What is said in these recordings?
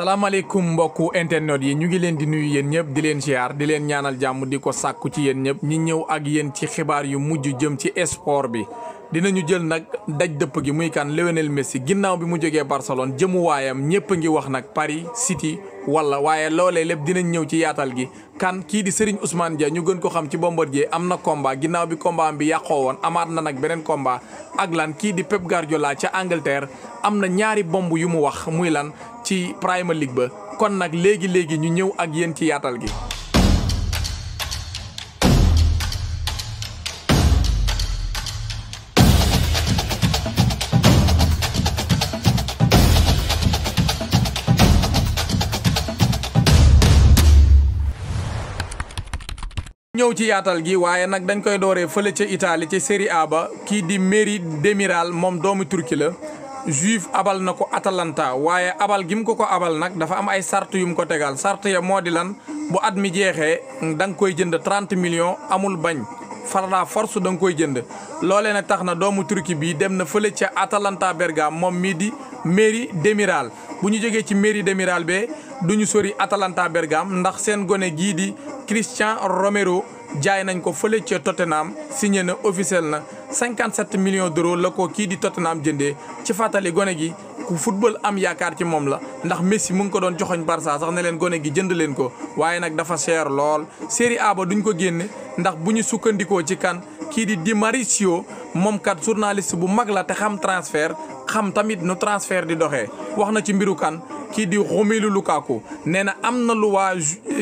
salaamaaleykum mbokku internet yi ñu ngi leen di nuyu yéen ñëpp di leen siyaar di leen ñaanal jàmm di ko sàkku ci yéen ñëpp ñi ñëw ak yéen ci xibaar yu mujj jëm ci sport bi dinañu jël nag daj dëpp gi muy kan Lionel Messi ginnaaw bi mu jógee Barcelone jëmuwaayam ñëpp a ngi wax nag Paris City wala waaye loole lépp dinañ ñëw ci yaatal gi kan kii di Serigne Ousmane Dia ñu gën ko xam ci Bombardier am na combat ginnaaw bi combat bi yàqoo woon amaat na nag beneen combat ak lan kii di Pep Guardiola ca Angleterre am na ñaari bomb yu mu wax muy lan ci Premier League ba kon nag léegi léegi ñu ñëw ak yéen ci yaatal gi. ñëw ci yaatal gi waaye nag dañ koy dooree fële ca Italie ca Serie A ba kii di Meri demirale moom doomu Turki la Juve abal na ko Atalanta waaye abal gi mu ko ko abal nag dafa am ay sart yu mu ko tegal sart ya moo di lan bu at mi jeexee danga koy jënd 30 millions amul bañ farda force da nga koy jënd loole nag tax na doomu Turki bi dem na fële ca Atalanta Bergame moom mii di Meri demirale bu ñu jógee ci Meri demirale be du ñu sori Atalanta Bergame ndax seen gone gii di Christian Romero jaay nañ ko fële ca Tottenham signé na officiel na 57 millions d'euros la ko kii di Tottenham jëndee ci fàttali gone gi ku football am yaakaar ci moom la ndax Messi mu ngi ko doon joxoñ Barça sax ne leen gone gi jënd leen ko waaye nag dafa cher lool Serie A ba duñ ko génne ndax bu ñu sukkandikoo ci kan kii di Di Marzio moom kat journaliste bu mag la te xam transfert xam tamit nu transfert di doxee wax na ci mbiru kan kii di Romelu Lukaku nee na am na lu waa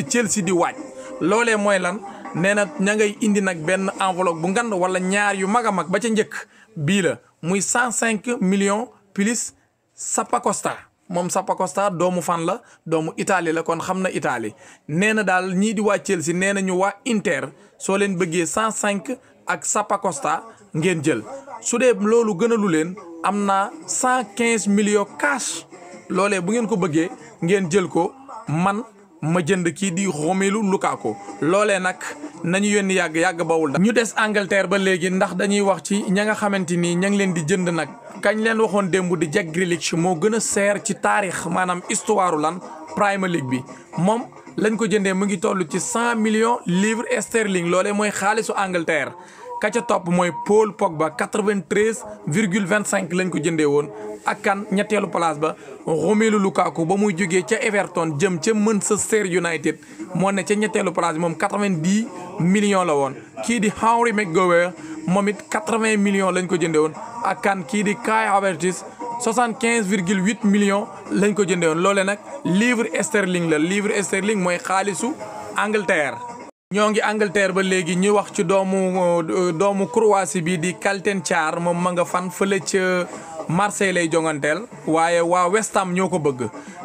Chelsea di waaj. loole mooy lan nee na ngay indi nag benn enveloppe bu ngand wala ñaar yu mag a mag ba ca njëkk bii la muy cent cinq millions plus Sappacosta moom Sappacosta doomu fan la doomu Italie la kon xam na Italie nee na daal ñii di waa Chelsea nee na ñu waa Inter soo leen bëggee cent cinq ak Sappacosta ngeen jël su dee loolu gën leen am na cent quinze millions cash loolee bu ngeen ko bëggee ngeen jël ko man ma jënd kii di Romelu Lukaku loolee nag nañu yónni yàgg yàgg bawul da ñu des Angleterre ba léegi ndax dañuy wax ci ña nga xamante ni ña ngi leen di jënd nag kañ leen waxoon démb di Jack moo gën a seer ci taarix maanaam histoire lan Premier League bi moom lañ ko jëndee mu ngi toll ci cent millions livres sterling loolee mooy xaalisu Angleterre. ka ca topp mooy Paul Pogba 93 virgule 25 lañ ko jëndee woon ak kan ñetteelu place ba Romelu Lukaku ba muy jógee ca Everton jëm ca Manchester United moo ne ca ñetteelu place bi moom 90 millions la woon. kii di Harry Maguire moom it 80 millions lañ ko jëndee woon ak kan kii di Kai Havertz 75 virgule 8 millions lañ ko jëndee woon loole nag livre sterling la livre sterling mooy xaalisu Angleterre. ñoo ngi Angleterre ba léegi ñuy wax ci doomu euh, doomu Croatie bi di Kalten Tchar moom ma nga fan fële ca Marseille lay jonganteel waaye waa West Ham ñoo ko bëgg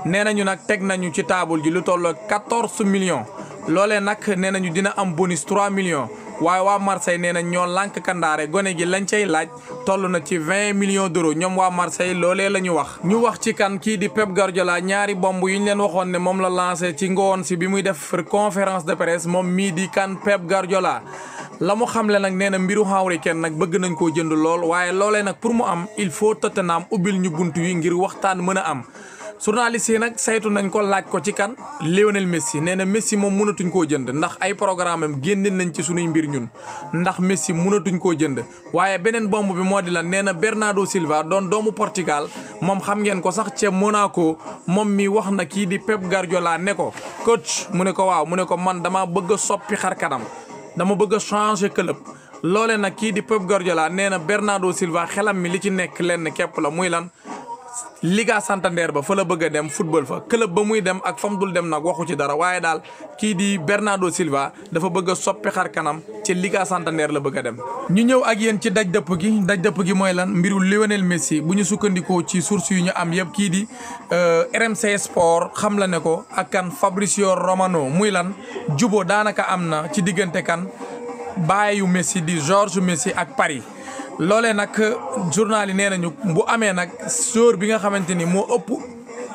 nee nañu nag teg nañu ci taabul ji lu toll 14 millions loolee nag nee nañu dina am bonus 3 millions waaye waa Marseille nee nañ ñoo lànk kandaare gone gi lañ cay laaj toll na ci 20 millions d'euros ñoom waa Marseille loolee la ñu wax. ñu wax ci kan kii di Pep Guardiola ñaari bomb yi ñu leen waxoon ne moom la lancé ci ngoon si bi muy def conférence de presse moom mii di kan Pep Guardiola. la mu xamle nag nee na mbiru Harry Kane nag bëgg nañ koo jënd lool waaye loolee nag pour mu am il faut Tottenham ubbil ñu bunt yi ngir waxtaan mën a am. journaliste nag saytu nañ ko laaj ko ci kan Lionel Messi nee na Messi moom mënatuñ koo jënd ndax ay programme am nañ ci sunuy mbir ñun ndax Messi munatuñ koo jënd waaye beneen bomb bi moo di lan nee na Bernardo Silva doon doomu portigal moom xam ngeen ko sax ca Monaco moom mi wax na kii di Pep Guardiola ne ko coach mu ne ko waaw mu ne ko man dama bëgg a soppi xar kanam dama bëgg a changer club loole nag kii di Pep Guardiola nee na Bernardo Silva xelam mi li ci nekk lenn képp la muy lan Liga Santander ba fa la bëgg a dem football fa club ba muy dem ak fam dul dem nag waxu ci dara waaye daal kii di Bernardo Silva dafa bëgg soppi xar kanam ci Liga Santander la bëgg a dem. ñu ñëw ak yéen ci daj dëpp gi daj dëpp gi mooy lan mbiru Lionel Messi bu ñu sukkandikoo ci source yu ñu am yëpp kii di euh, RMC Sport xam la ne ko ak kan Fabrizio Romano muy lan jubóo daanaka am na ci diggante kan baayu Messi di George Messi ak Paris. loole nag journal yi nee nañu bu amee nag joueur bi nga xamante ni moo ëpp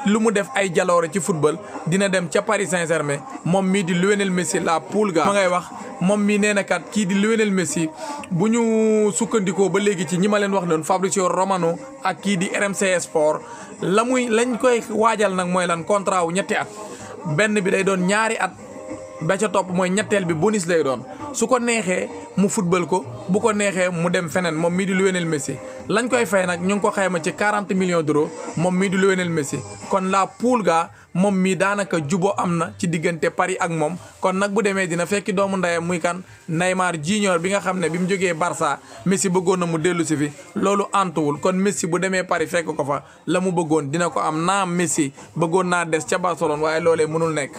lu mu def ay jaloore ci football dina dem ca Paris Saint-Germain moom mii di Lionel Messi la Pulga ma ngay wax moom mii nee na kii di Lionel Messi bu ñu sukkandikoo ba léegi ci ñi ma leen wax noonu Fabrizio Romano ak kii di RMC Sport la muy lañ koy waajal nag mooy lan contrat wu ñetti at benn bi day doon ñaari at. ba ca topp mooy ñetteel bi bonus lay doon su ko neexee mu football ko bu ko neexee mu dem feneen moom mii di Lionel Messi lañ koy fay nag ñu ngi ko xayma ci 40 millions d'euros moom mii di Lionel Messi kon laa poule ga moom mii daanaka jubo am na ci diggante Paris ak moom kon nag bu demee dina fekki doomu ndeyam muy kan Neymar junior bi nga xam ne bi mu jógee Barça Messi bëggoon na mu dellu si fi loolu antuwul kon Messi bu demee Paris fekk ko fa la mu bëggoon dina ko am naa Messi bëggoon naa des ca Barcelone waaye loolee mënul nekk.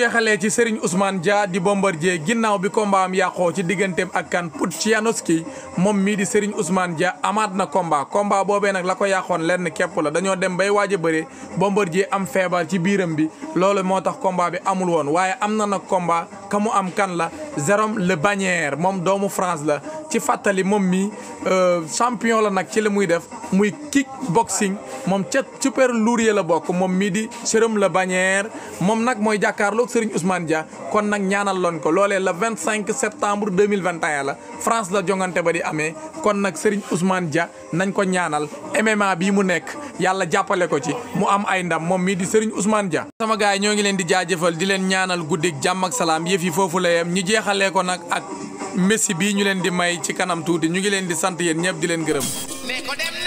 jeexalee ci Serigne Ousmane Dia di Bombardier ginnaaw bi combat am yàqoo ci digganteem ak kan Pudzianowski moom mii di Serigne Ousmane Dia amaat na combat combat boobee nag la ko yàqoon lenn képp la dañoo dem bay waaj a bëre Bombardier am feebar ci biir mbiram bi moo tax combat bi amul woon waaye am na na combat kamu am kan la Jérôme Le Bannière moom doomu France la ci fàttali moom mi euh, champion la nag ci la muy def muy kick boxing moom ca super lourd la bokk moom mii di Jérôme Le Bannière moom nag mooy jàkkaarloog Serigne Ousmane Dia kon nag ñaanal loon ko loolee le 25 septembre 2021 la France la jongante ba di amee kon nag Serigne Ousmane Dia nañ ko ñaanal MMA bii mu nekk yàlla jàppale ko ci mu am ay ndam moom mii di Serigne Ousmane Dia. sama gars ñoo ngi leen di jaajëfal di leen ñaanal guddik jàmm ak salaam yëf yi foofu la yem ñu jeexalee ko nag ak. messi bii ñu leen di may ci kanam tuuti ñu ngi leen di sant yéen ñëpp di leen gërëm.